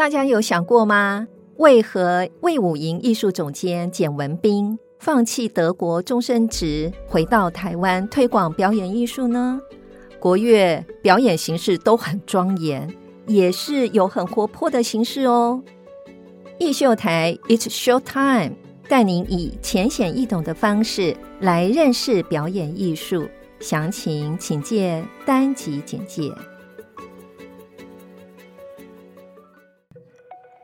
大家有想過嗎？為何衛武營藝術總監簡文彬放棄德國終身職，回到台灣推廣表演藝術呢？國樂表演形式都很莊嚴，也是有很活潑的形式哦。藝秀台 It's Show Time 帶您以淺顯易懂的方式來認識表演藝術。詳情請見單集簡介。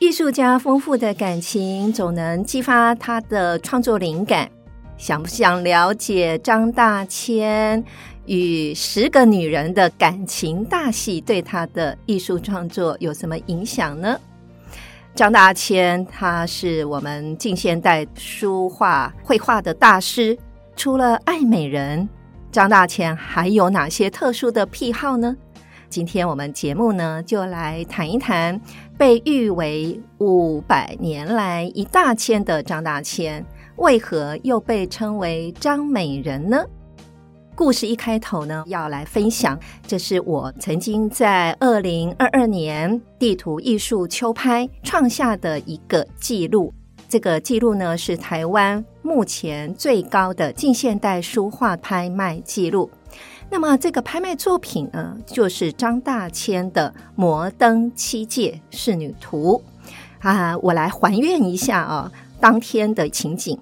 藝術家豐富的感情總能激發他的創作靈感。想不想了解張大千與十個女人的感情大戲，對他的藝術創作有什麼影響呢？張大千他是我們近現代書畫繪畫的大師，除了愛美人，張大千還有哪些特殊的癖好呢？今天我們節目呢，就來談一談。被譽為五百年來一大千的張大千，為何又被稱為張美人呢？故事一開頭呢，要來分享，這是我曾經在二零二二年地圖藝術秋拍創下的一個記錄，這個記錄呢，是台灣目前最高的近現代書畫拍賣記錄。那麼這個拍賣作品呢，就是張大千的《摩登七界仕女圖》啊，我來還原一下啊，當天的情景。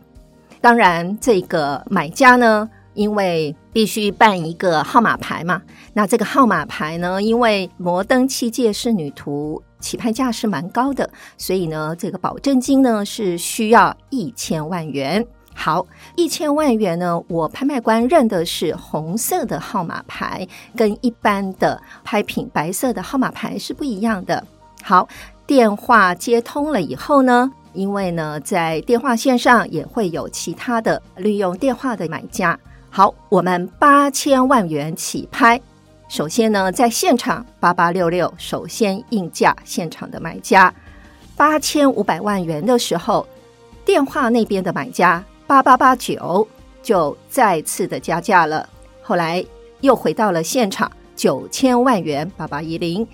當然，這個買家呢，因為必須辦一個號碼牌嘛，那這個號碼牌呢，因為《摩登七界仕女圖》起拍價是蠻高的，所以呢，這個保證金呢是需要一千萬元。好，一千萬元呢，我拍賣官認的是紅色的號碼牌，跟一般的拍品，白色的號碼牌是不一樣的。好，電話接通了以後呢，因為呢在電話線上也會有其他的利用電話的買家。好，我們八千萬元起拍。首先呢，在現場八八六六首先應價，現場的買家。八千五百萬元的時候，電話那邊的買家。八八八九就再次的加價了，後來又回到了現場，九千萬元八八一零，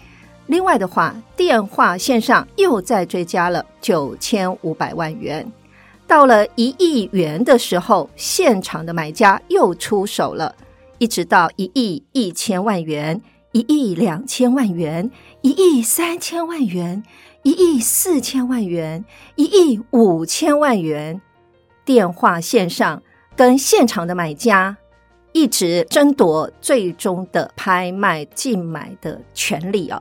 另外的話，電話線上又再追加了九千五百萬元，到了一億元的時候，現場的買家又出手了，一直到一億一千萬元、一億兩千萬元、一億三千萬元、一億四千萬元、一億五千萬元。電話線上跟現場的買家一直爭奪最終的拍賣競買的權利哦，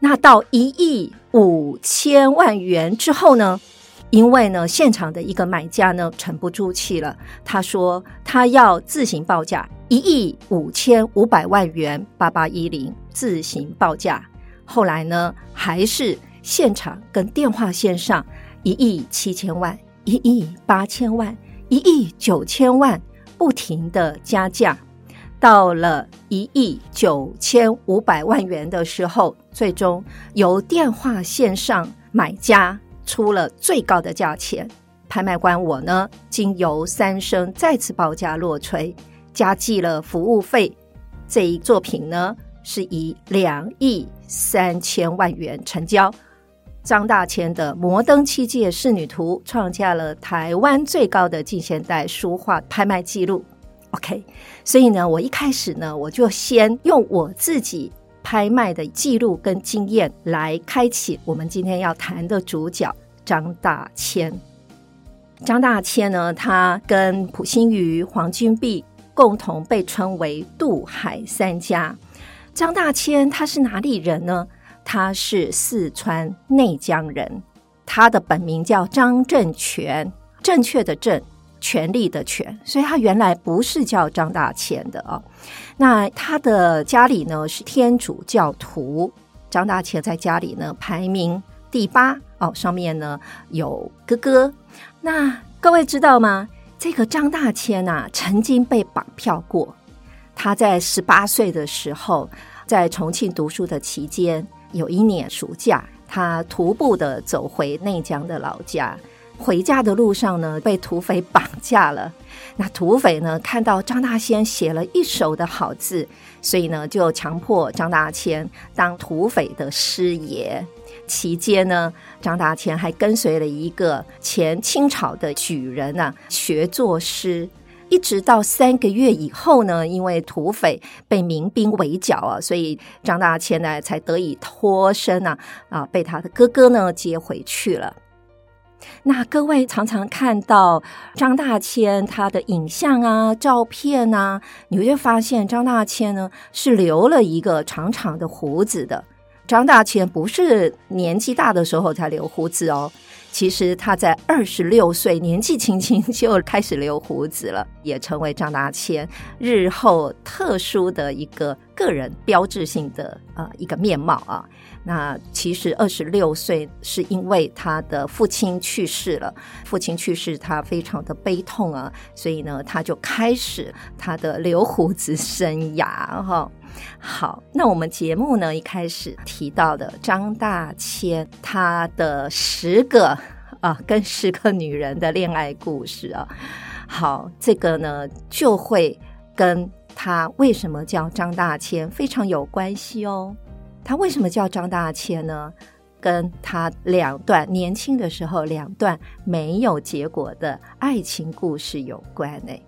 那到一億五千萬元之後呢，因為呢，現場的一個買家呢沉不住氣了，他說他要自行報價一億五千五百萬元八八一零自行報價。後來呢，還是現場跟電話線上一億七千萬。一億八千萬，一億九千萬，不停的加價，到了一億九千五百萬元的時候，最終由電話線上買家出了最高的價錢。拍賣官，我呢，經由三聲再次報價落槌，加計了服務費，這一作品呢，是以兩億三千萬元成交。張大千的《摩登七屆仕女圖》創下了台灣最高的近現代書畫拍賣記錄。OK，所以呢，我一開始呢，我就先用我自己拍賣的記錄跟經驗來開啟我們今天要談的主角張大千。張大千呢，他跟溥心畬、黃君璧共同被稱為“渡海三家”。張大千他是哪裡人呢？他是四川內江人，他的本名叫張正權，正確的正，權力的權，所以他原來不是叫張大千的哦，那他的家裡呢是天主教徒，張大千在家裡呢排名第八哦，上面呢有哥哥。那各位知道嗎？這個張大千吶啊，曾經被綁票過。他在十八歲的時候，在重慶讀書的期間。有一年暑假，他徒步的走回內江的老家。回家的路上呢，被土匪綁架了。那土匪呢，看到張大千寫了一手的好字，所以呢，就強迫張大千當土匪的師爺。期間呢，張大千還跟隨了一個前清朝的舉人呢、啊，學作詩。一直到三個月以後呢，因為土匪被民兵圍剿啊，所以張大千呢才得以脫身啊啊，被他的哥哥呢接回去了。那各位常常看到張大千他的影像啊、照片啊，你會發現張大千呢是留了一個長長的鬍子的。張大千不是年紀大的時候才留鬍子哦。其實他在二十六歲，年紀輕輕就開始留鬍子了，也成為張大千日後特殊的一個個人標誌性的呃一個面貌啊。那其實二十六歲是因為他的父親去世了，父親去世他非常的悲痛啊，所以呢他就開始他的留鬍子生涯哈。好，那我們節目呢，一開始提到的張大千，他的十個啊跟十個女人的戀愛故事啊，好，這個呢就會跟他為什麼叫張大千非常有關係哦。他為什麼叫張大千呢？跟他兩段年輕的時候兩段沒有結果的愛情故事有關呢、欸。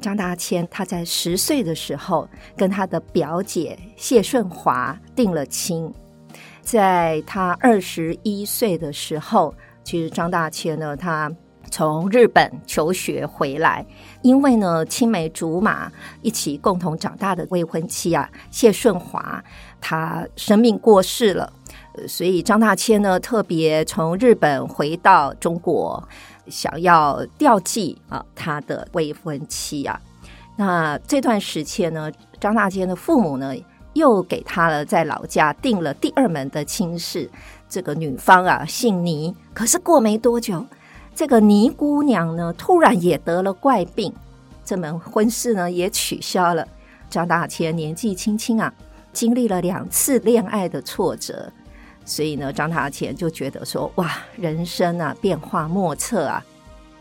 張大千他在十歲的時候跟他的表姐謝舜華定了親，在他二十一歲的時候，其實張大千呢，他從日本求學回來，因為呢青梅竹馬一起共同長大的未婚妻啊謝舜華她生病過世了，所以張大千呢特別從日本回到中國，想要弔祭啊，他的未婚妻啊，那這段時間呢，張大千的父母呢又給他了在老家定了第二門的親事，這個女方啊姓倪，可是過沒多久，這個倪姑娘呢突然也得了怪病，這門婚事呢也取消了。張大千年紀輕輕啊，經歷了兩次戀愛的挫折。所以呢，張大千就覺得說：“哇，人生啊，變化莫測啊！”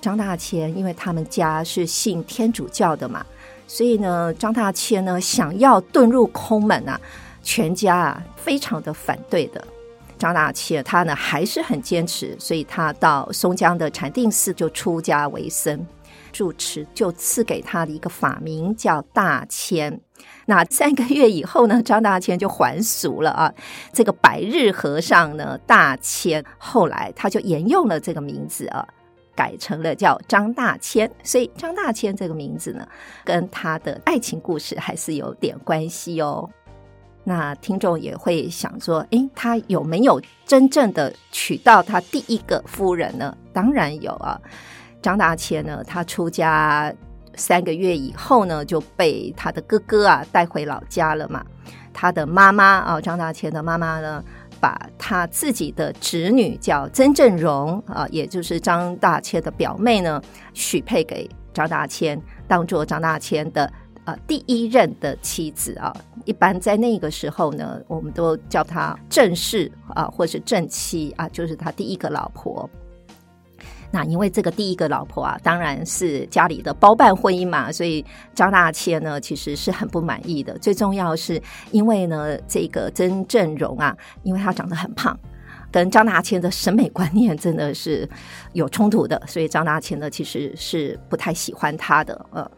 張大千因為他們家是信天主教的嘛，所以呢，張大千呢想要遁入空門啊，全家啊非常的反對的。張大千他呢還是很堅持，所以他到松江的禪定寺就出家為僧，住持就賜給他的一個法名叫大千。那三個月以後呢，張大千就還俗了啊。這個白日和尚呢，大千後來他就沿用了這個名字啊，改成了叫張大千。所以張大千這個名字呢，跟他的愛情故事還是有點關係哦。那聽眾也會想說，哎，他有沒有真正的娶到他第一個夫人呢？當然有啊。張大千呢，他出家。三個月以後呢，就被他的哥哥啊帶回老家了嘛。他的媽媽啊，張大千的媽媽呢，把他自己的侄女叫曾正蓉啊，也就是張大千的表妹呢，許配給張大千，當做張大千的呃第一任的妻子啊。一般在那個時候呢，我們都叫她正室啊，或是正妻啊，就是他第一個老婆。那因為這個第一個老婆啊，當然是家裡的包辦婚姻嘛，所以張大千呢，其實是很不滿意的。最重要是因為呢，這個曾正蓉啊，因為他長得很胖，跟張大千的審美觀念真的是有衝突的，所以張大千呢，其實是不太喜歡他的。呃，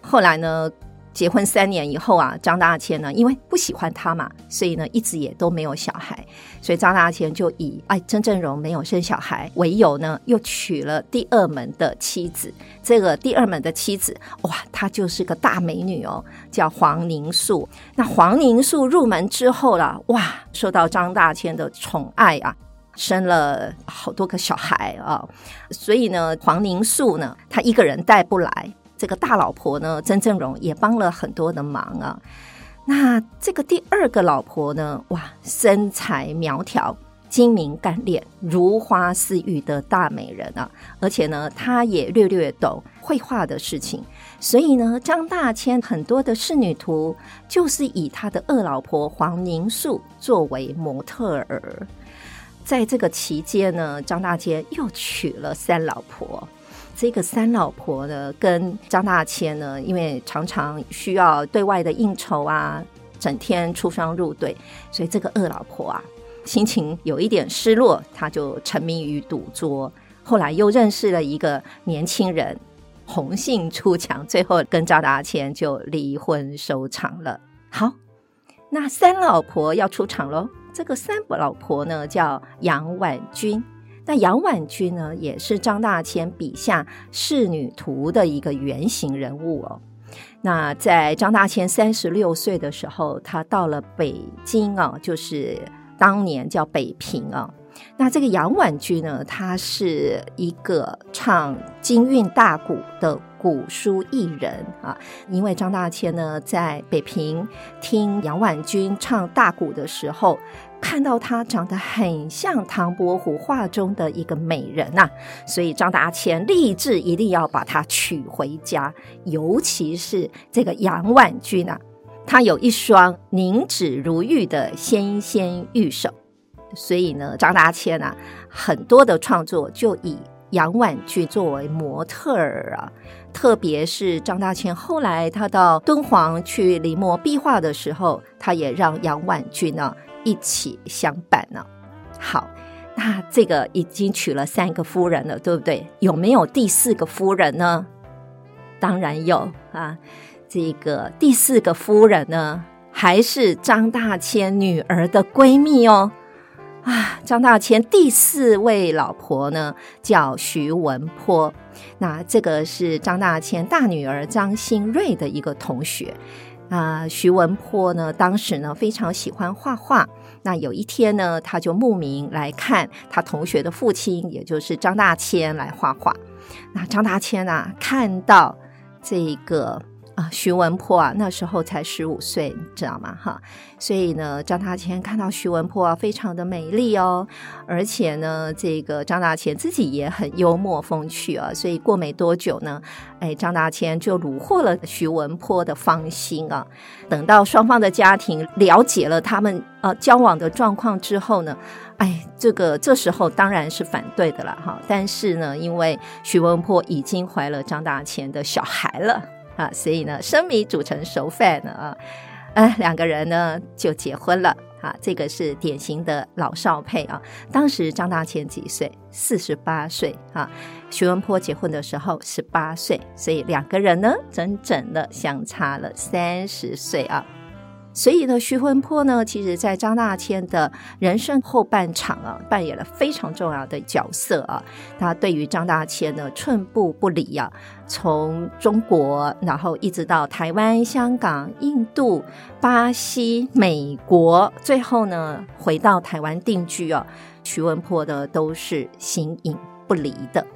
後來呢，結婚三年以後啊，張大千呢，因為不喜歡她嘛，所以呢，一直也都沒有小孩。所以張大千就以哎，曾正榮沒有生小孩為由呢，又娶了第二門的妻子。這個第二門的妻子，哇，她就是個大美女哦，叫黃凝素。那黃凝素入門之後了啊，哇，受到張大千的寵愛啊，生了好多個小孩啊。所以呢，黃凝素呢，她一個人帶不來。這個大老婆呢，曾正榮也幫了很多的忙啊。那這個第二個老婆呢，哇，身材苗條、精明幹練、如花似玉的大美人啊！而且呢，她也略略懂繪畫的事情，所以呢，張大千很多的仕女圖就是以他的二老婆黃凝素作為模特兒。在這個期間呢，張大千又娶了三老婆。這個三老婆呢，跟張大千呢，因為常常需要對外的應酬啊，整天出雙入對，所以這個二老婆啊，心情有一點失落，他就沉迷於賭桌。後來又認識了一個年輕人，紅杏出牆，最後跟張大千就離婚收場了。好，那三老婆要出場嘍。這個三老婆呢，叫楊婉君。那楊婉君呢，也是張大千筆下仕女圖的一個原型人物哦。那在張大千三十六歲的時候，他到了北京啊、哦，就是當年叫北平啊、哦。那這個楊婉君呢，她是一個唱京韻大鼓的鼓書藝人啊。因為張大千呢，在北平聽楊婉君唱大鼓的時候，看到她長得很像唐伯虎畫中的一個美人吶、啊，所以張大千立志一定要把她娶回家。尤其是這個楊婉君呢、啊，她有一雙凝脂如玉的纖纖玉手，所以呢，張大千啊，很多的創作就以楊婉君作為模特兒啊。特別是張大千後來他到敦煌去臨摹壁畫的時候，他也讓楊婉君呢、啊。一起相伴呢。好，那這個已經娶了三個夫人了，對不對？有沒有第四個夫人呢？當然有啊。這個第四個夫人呢，還是張大千女兒的閨蜜哦。啊，張大千第四位老婆呢，叫徐雯波。那這個是張大千大女兒張心瑞的一個同學啊。徐雯波呢，當時呢，非常喜歡畫畫。那有一天呢，他就慕名來看他同學的父親，也就是張大千來畫畫。那張大千呢、啊，看到這個。啊，徐雯波啊，那時候才十五歲，你知道嗎？哈，所以呢，張大千看到徐雯波啊，非常的美麗哦，而且呢，這個張大千自己也很幽默風趣啊，所以過沒多久呢，哎，張大千就虜獲了徐雯波的芳心啊。等到雙方的家庭了解了他們呃交往的狀況之後呢，哎，這個這時候當然是反對的了哈。但是呢，因為徐雯波已經懷了張大千的小孩了。啊，所以呢，生米煮成熟飯了啊，呃，兩個人呢就結婚了啊，這個是典型的老少配啊。當時張大千幾歲？四十八歲啊。徐雯波結婚的時候十八歲，所以兩個人呢，整整的相差了三十歲啊。所以呢，徐雯波呢，其實在張大千的人生後半場啊，扮演了非常重要的角色啊。他對於張大千呢，寸步不離啊。從中國，然後一直到台灣、香港、印度、巴西、美國，最後呢，回到台灣定居啊，徐雯波呢都是形影不離的。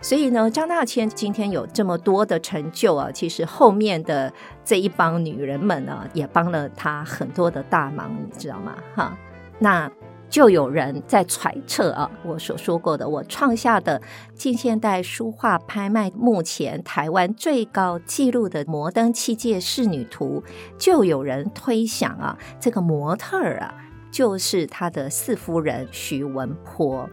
所以呢，張大千今天有這麼多的成就啊，其實後面的這一幫女人們呢、啊，也幫了他很多的大忙，你知道嗎？哈、啊，那就有人在揣測啊，我所說過的，我創下的近現代書畫拍賣目前台灣最高紀錄的《摩登七界仕女圖》，就有人推想啊，這個模特兒啊，就是他的四夫人徐雯波。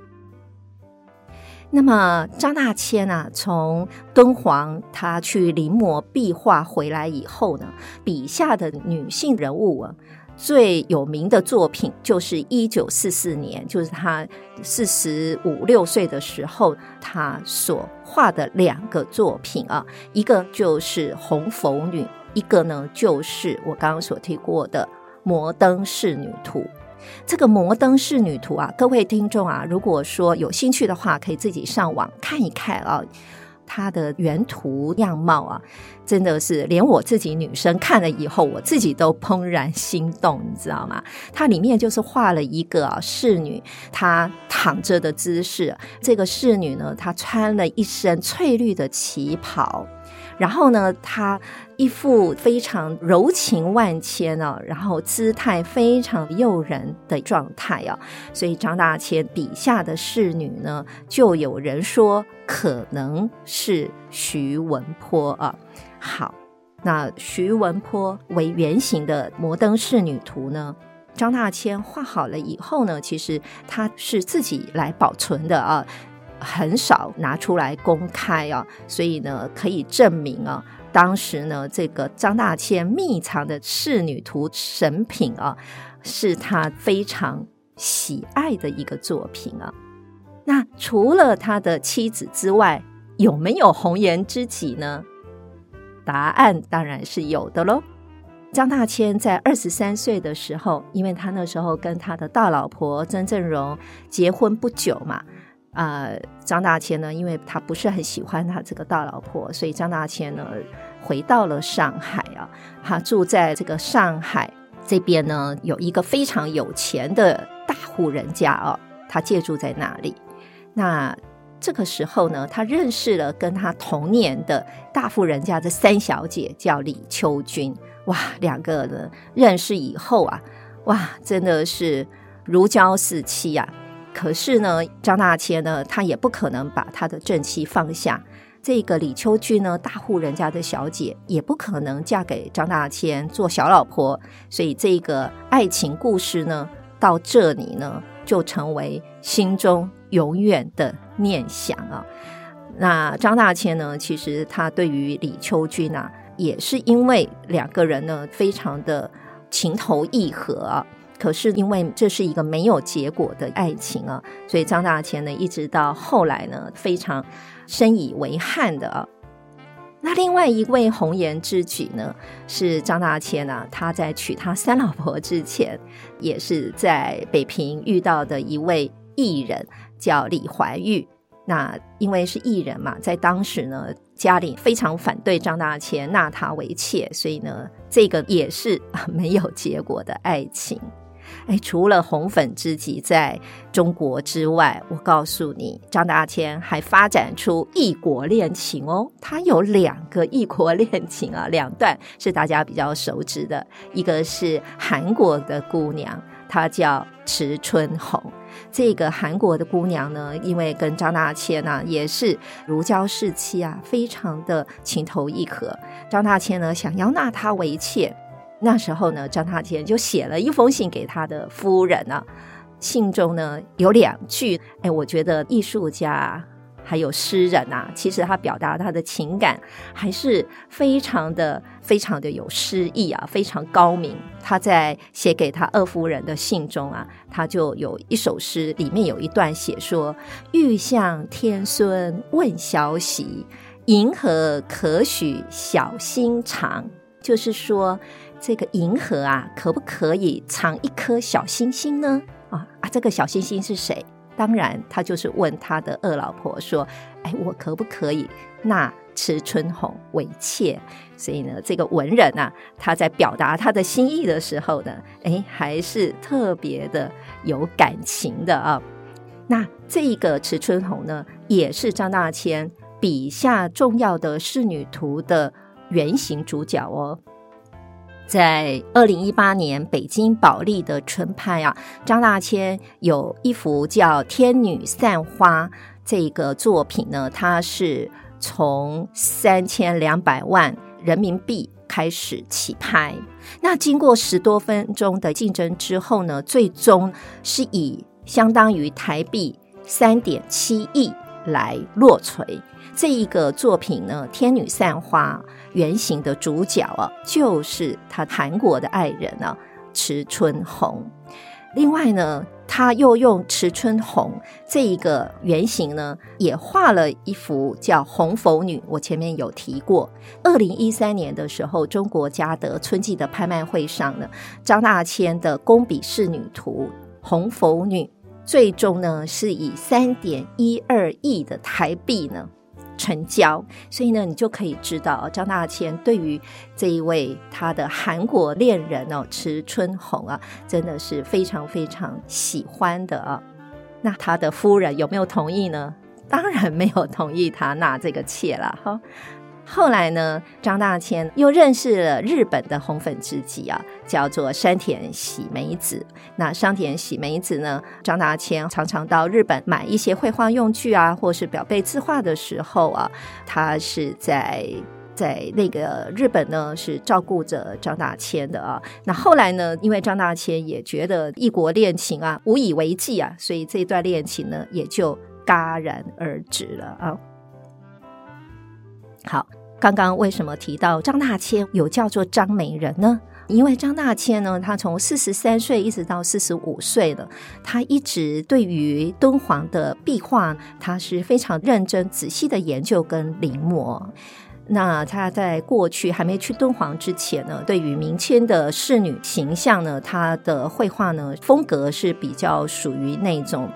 那麼張大千呢、啊，從敦煌他去臨摹壁畫回來以後呢，筆下的女性人物啊，最有名的作品就是一九四四年，就是他四十五六歲的時候，他所畫的兩個作品啊，一個就是《紅拂女》，一個呢就是我剛剛所提過的《摩登仕女圖》。這個《摩登仕女圖》啊，各位聽眾啊，如果說有興趣的話，可以自己上網看一看啊，它的原圖樣貌啊，真的是連我自己女生看了以後，我自己都怦然心動，你知道嗎？它裡面就是畫了一個啊、仕女，她躺着的姿勢。這個仕女呢，她穿了一身翠綠的旗袍，然後呢，她，一副非常柔情萬千啊，然後姿態非常誘人的狀態啊，所以張大千筆下的仕女呢，就有人說可能是徐雯波啊。好，那徐雯波為原型的《摩登仕女圖》呢，張大千畫好了以後呢，其實他是自己來保存的啊，很少拿出來公開啊，所以呢，可以證明啊。當時呢，這個張大千密藏的《仕女圖》神品啊，是他非常喜愛的一個作品啊。那除了他的妻子之外，有沒有紅顏知己呢？答案當然是有的嘍。張大千在二十三歲的時候，因為他那時候跟他的大老婆曾正蓉結婚不久嘛，啊、呃，張大千呢，因為他不是很喜歡他這個大老婆，所以張大千呢。回到了上海啊、哦，他住在這個上海這邊呢，有一個非常有錢的大戶人家哦，他借住在那裡。那這個時候呢，他認識了跟他同年的大戶人家的三小姐，叫李秋君。哇，兩個人認識以後啊，哇，真的是如膠似漆啊。可是呢，張大千呢，他也不可能把他的正妻放下。這個李秋君呢，大戶人家的小姐，也不可能嫁給張大千做小老婆，所以這個愛情故事呢，到這裡呢，就成為心中永遠的念想啊。那張大千呢，其實他對於李秋君呢、啊，也是因為兩個人呢，非常的情投意合、啊，可是因為這是一個沒有結果的愛情啊，所以張大千呢，一直到後來呢，非常。深以為憾的，那另外一位紅顏知己呢，是張大千啊。他在娶他三老婆之前，也是在北平遇到的一位藝人，叫李懷玉。那因為是藝人嘛，在當時呢，家裡非常反對張大千納她為妾，所以呢，這個也是沒有結果的愛情。哎，除了紅粉知己在中國之外，我告訴你，張大千還發展出異國戀情哦。他有兩個異國戀情啊，兩段是大家比較熟知的，一個是韓國的姑娘，她叫池春紅。這個韓國的姑娘呢，因為跟張大千呢、啊、也是如膠似漆啊，非常的情投意合。張大千呢，想要納她為妾。那時候呢，張大千就寫了一封信給他的夫人啊。信中呢有兩句，哎，我覺得藝術家啊，還有詩人啊，其實他表達他的情感還是非常的非常的有詩意啊，非常高明。他在寫給他二夫人的信中啊，他就有一首詩，裡面有一段寫說：“欲向天孫問消息，銀河可許小心長。”就是說。這個銀河啊，可不可以藏一顆小星星呢？啊啊，這個小星星是誰？當然，他就是問他的二老婆說：“哎，我可不可以納池春紅為妾？”所以呢，這個文人啊，他在表達他的心意的時候呢，哎，還是特別的有感情的啊。那這個池春紅呢，也是張大千筆下重要的仕女圖的原型主角哦。在二零一八年北京保利的春拍啊，張大千有一幅叫《天女散花》這個作品呢，它是從三千兩百萬人民幣開始起拍，那經過十多分鐘的競爭之後呢，最終是以相當於台幣三點七億來落槌。這一個作品呢，《天女散花》。原型的主角啊，就是他韓國的愛人呢、啊，池春紅。另外呢，他又用池春紅這一個原型呢，也畫了一幅叫《紅拂女》。我前面有提過，二零一三年的時候，中國嘉德春季的拍賣會上呢，張大千的工筆仕女圖《紅拂女》最終呢，是以三點一二億的台幣呢。成交，所以呢，你就可以知道張大千對於這一位他的韓國戀人哦，池春紅啊，真的是非常非常喜歡的啊、哦。那他的夫人有沒有同意呢？當然沒有同意他納這個妾了哈。後來呢，張大千又認識了日本的紅粉知己啊，叫做山田喜美子。那山田喜美子呢，張大千常常到日本買一些繪畫用具啊，或是裱褙字畫的時候啊，他是在在那個日本呢，是照顧着張大千的啊。那後來呢，因為張大千也覺得異國戀情啊無以為繼啊，所以這段戀情呢也就戛然而止了啊。好。剛剛為什麼提到張大千有叫做張美人呢？因為張大千呢，他從四十三歲一直到四十五歲了，他一直對於敦煌的壁畫，他是非常認真仔細的研究跟臨摹。那他在過去還沒去敦煌之前呢，對於明清的仕女形象呢，他的繪畫呢，風格是比較屬於那種。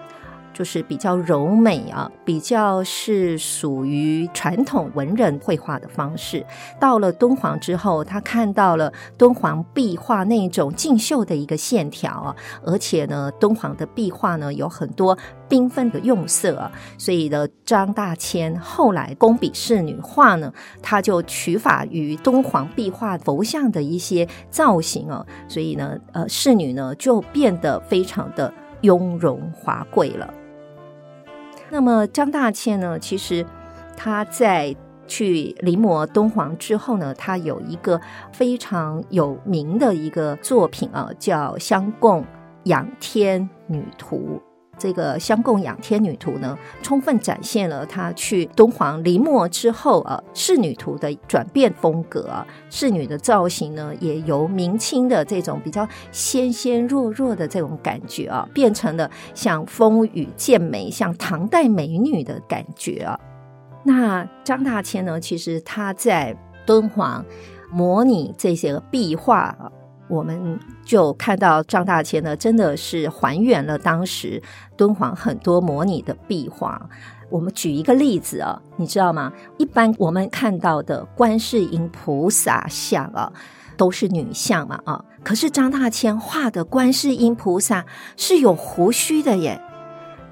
就是比較柔美啊，比較是屬於傳統文人繪畫的方式。到了敦煌之後，他看到了敦煌壁畫那種勁秀的一個線條啊，而且呢，敦煌的壁畫呢，有很多繽紛的用色啊，所以呢，張大千後來工筆仕女畫呢，他就取法於敦煌壁畫佛像的一些造型啊，所以呢，呃，仕女呢就變得非常的雍容華貴了。那麼張大千呢，其實他在去臨摹敦煌之後呢，他有一個非常有名的一個作品啊，叫《相供養天女圖》。這個《相供養天女圖》呢，充分展現了他去敦煌臨摹之後，啊，呃，仕女圖的轉變風格，啊。仕女的造型呢，也由明清的這種比較纖纖弱弱的這種感覺啊，變成了像豐腴健美、像唐代美女的感覺啊。那張大千呢，其實他在敦煌模擬這些壁畫，啊我們就看到張大千呢，真的是還原了當時敦煌很多模擬的壁畫。我們舉一個例子啊，哦，你知道嗎？一般我們看到的觀世音菩薩像啊，都是女像嘛啊，可是張大千畫的觀世音菩薩是有鬍鬚的耶。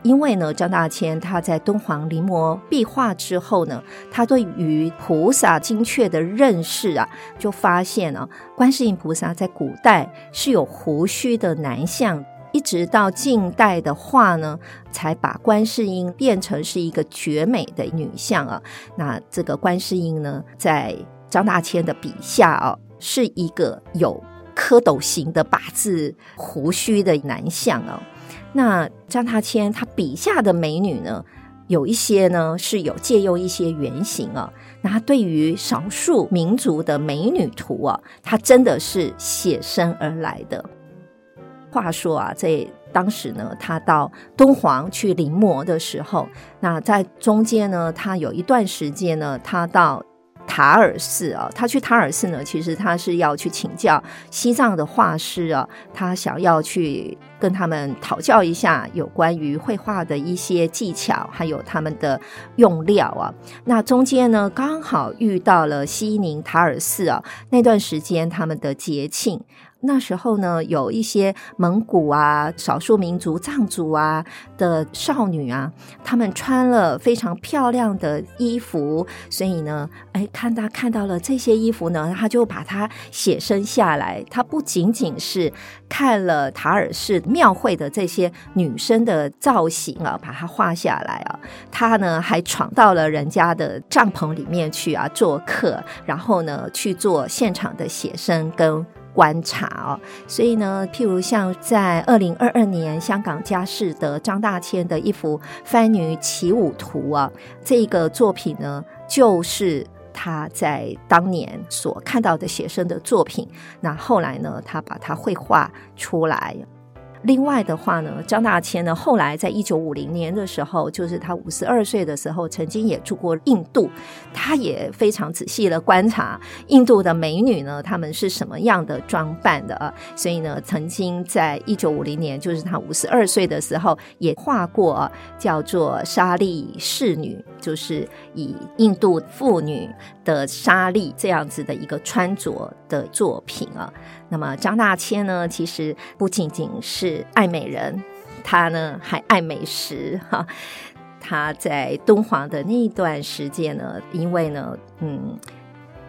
因為呢，張大千他在敦煌臨摹壁畫之後呢，他對於菩薩精確的認識啊，就發現呢、啊、觀世音菩薩在古代是有鬍鬚的男相，一直到近代的話呢，才把觀世音變成是一個絕美的女相啊。那這個觀世音呢，在張大千的筆下啊，是一個有蝌蚪型的八字鬍鬚的男相啊。那張大千他筆下的美女呢，有一些呢是有借用一些原型啊。那他對於少數民族的美女圖啊，他真的是寫生而來的。話說啊，在當時呢，他到敦煌去臨摹的時候，那在中間呢，他有一段時間呢，他到。塔爾寺啊，他去塔爾寺呢，其實他是要去請教西藏的畫師啊，他想要去跟他們討教一下有關於繪畫的一些技巧，還有他們的用料啊。那中間呢，剛好遇到了西寧塔爾寺啊，那段時間他們的節慶。那時候呢，有一些蒙古啊、少數民族、藏族啊的少女啊，她們穿了非常漂亮的衣服，所以呢，哎，看他看到了這些衣服呢，他就把它寫生下來。他不僅僅是看了塔爾寺廟會的這些女生的造型啊，把它畫下來啊，他呢還闖到了人家的帳篷裡面去啊做客，然後呢去做現場的寫生跟。觀察哦，所以呢，譬如像在二零二二年香港佳士得張大千的一幅《番女起舞圖》啊，這個作品呢，就是他在當年所看到的學生的作品，那後來呢，他把它繪畫出來。另外的話呢，張大千呢，後來在一九五零年的時候，就是他五十二歲的時候，曾經也住過印度，他也非常仔細的觀察印度的美女呢，她們是什麼樣的裝扮的啊？所以呢，曾經在一九五零年，就是他五十二歲的時候，也畫過叫做“莎麗仕女”，就是以印度婦女的莎麗這樣子的一個穿着的作品啊。那麼張大千呢，其實不僅僅是愛美人，他呢還愛美食哈。他、啊、在敦煌的那一段時間呢，因為呢，嗯，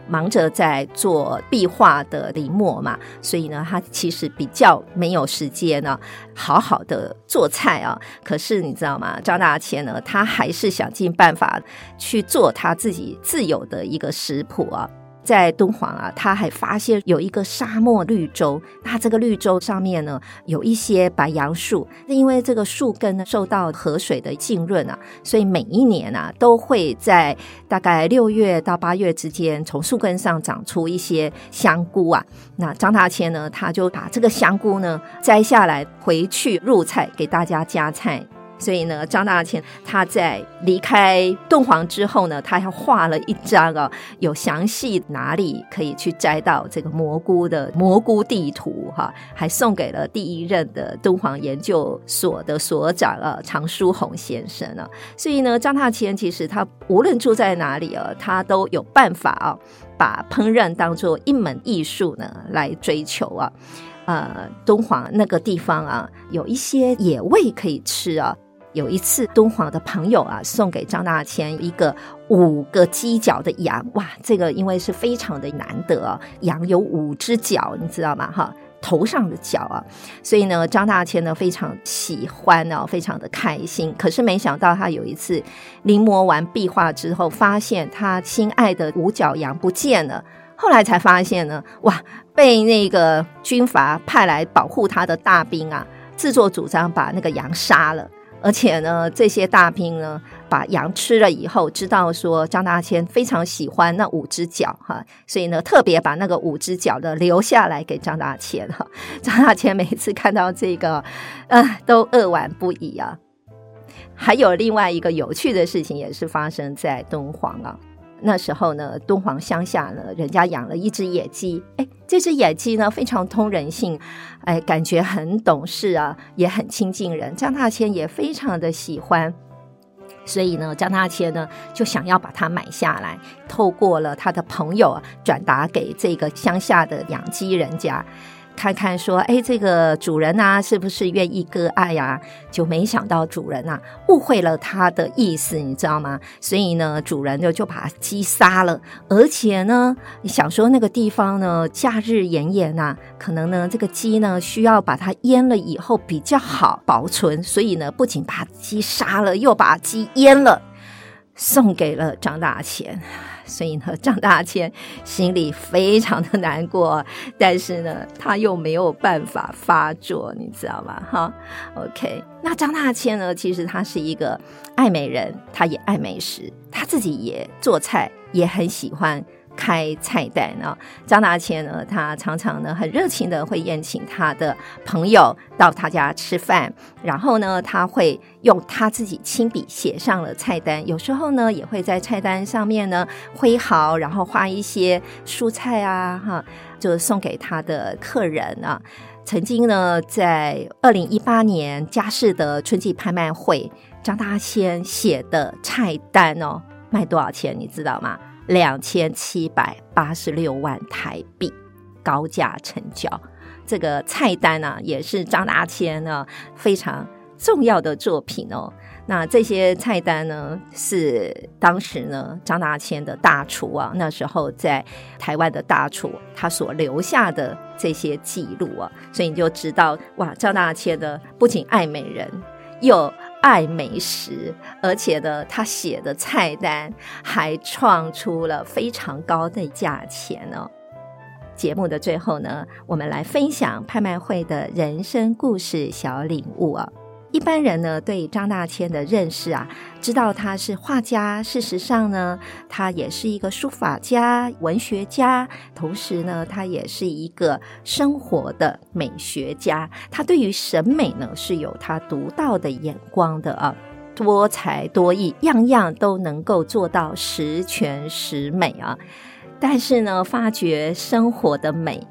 忙着在做壁畫的臨摹嘛，所以呢，他其實比較沒有時間呢，好好的做菜啊。可是你知道嗎？張大千呢，他還是想盡辦法去做他自己自有的一個食譜啊。在敦煌啊，他還發現有一個沙漠綠洲。那這個綠洲上面呢，有一些白楊樹，那因為這個樹根呢受到河水的浸潤啊，所以每一年啊，都會在大概六月到八月之間，從樹根上長出一些香菇啊。那張大千呢，他就把這個香菇呢摘下來回去入菜，給大家加菜。所以呢，張大千他在離開敦煌之後呢，他還畫了一張啊，有詳細哪裡可以去摘到這個蘑菇的蘑菇地圖哈，啊，還送給了第一任的敦煌研究所的所長啊常書鴻先生啊。所以呢，張大千其實他無論住在哪裡啊，他都有辦法啊，把烹飪當做一門藝術呢來追求啊。呃，敦煌那個地方啊，有一些野味可以吃啊。有一次，敦煌的朋友啊，送給張大千一個五個犄角的羊，哇，這個因為是非常的難得，哦，羊有五隻角，你知道嗎？哈，頭上的角啊，所以呢，張大千呢非常喜歡呢，哦，非常的開心。可是沒想到，他有一次臨摹完壁畫之後，發現他心愛的五角羊不見了。後來才發現呢，哇，被那個軍閥派來保護他的大兵啊，自作主張把那個羊殺了。而且呢，這些大兵呢，把羊吃了以後，知道說張大千非常喜歡那五隻角哈，所以呢，特別把那個五隻角的留下來給張大千哈。張、啊、大千每次看到這個，呃、啊，都扼腕不已啊。還有另外一個有趣的事情，也是發生在敦煌啊。那時候呢，敦煌鄉下呢，人家養了一隻野雞。哎，這隻野雞呢，非常通人性，哎，感覺很懂事啊，也很親近人。張大千也非常的喜歡，所以呢，張大千呢就想要把它買下來，透過了他的朋友轉達給這個鄉下的養雞人家。看看說，誒、哎、這個主人啊，是不是願意割愛呀、啊？就沒想到主人啊，誤會了他的意思，你知道嗎？所以呢，主人就就把雞殺了，而且呢，你想說那個地方呢，夏日炎炎啊，可能呢，這個雞呢，需要把它醃了以後比較好保存，所以呢，不僅把雞殺了，又把雞醃了，送給了張大千。所以呢，張大千心裡非常的難過，但是呢，他又沒有辦法發作，你知道嗎？哈，OK，那張大千呢，其實他是一個愛美人，他也愛美食，他自己也做菜，也很喜歡。開菜單呢、哦，張大千呢，他常常呢很熱情的會宴請他的朋友到他家吃飯，然後呢，他會用他自己親筆寫上了菜單，有時候呢也會在菜單上面呢揮毫，然後畫一些蔬菜啊，哈、啊，就送給他的客人啊。曾經呢，在二零一八年佳士得春季拍賣會，張大千寫的菜單哦，賣多少錢？你知道嗎？兩千七百八十六萬台幣高價成交，這個菜單呢、啊、也是張大千呢、啊、非常重要的作品哦。那這些菜單呢，是當時呢張大千的大廚啊，那時候在台灣的大廚，他所留下的這些記錄啊，所以你就知道哇，張大千的不僅愛美人，又……愛美食，而且呢，他寫的菜單還創出了非常高的價錢呢、哦。節目的最後呢，我們來分享拍賣會的人生故事小領悟啊、哦。一般人呢，對張大千的認識啊，知道他是畫家。事實上呢，他也是一個書法家、文學家，同時呢，他也是一個生活的美學家。他對於審美呢，是有他獨到的眼光的啊，多才多藝，樣樣都能夠做到十全十美啊。但是呢，發覺生活的美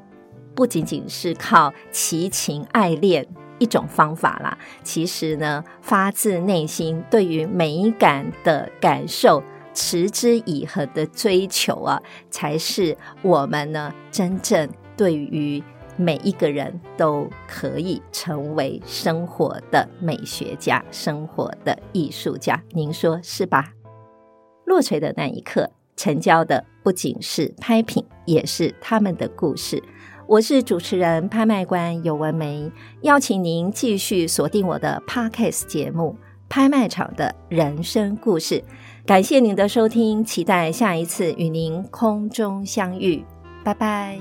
不僅僅是靠奇情愛戀。一種方法啦，其實呢，發自內心對於美感的感受，持之以恆的追求啊，才是我們呢真正，對於每一個人都可以成為生活的美學家、生活的藝術家。您說是吧？落錘的那一刻，成交的不僅是拍品，也是他們的故事。我是主持人、拍賣官游文玫，邀請您繼續鎖定我的 podcast 節目《拍賣場的人生故事》。感謝您的收聽，期待下一次與您空中相遇。拜拜。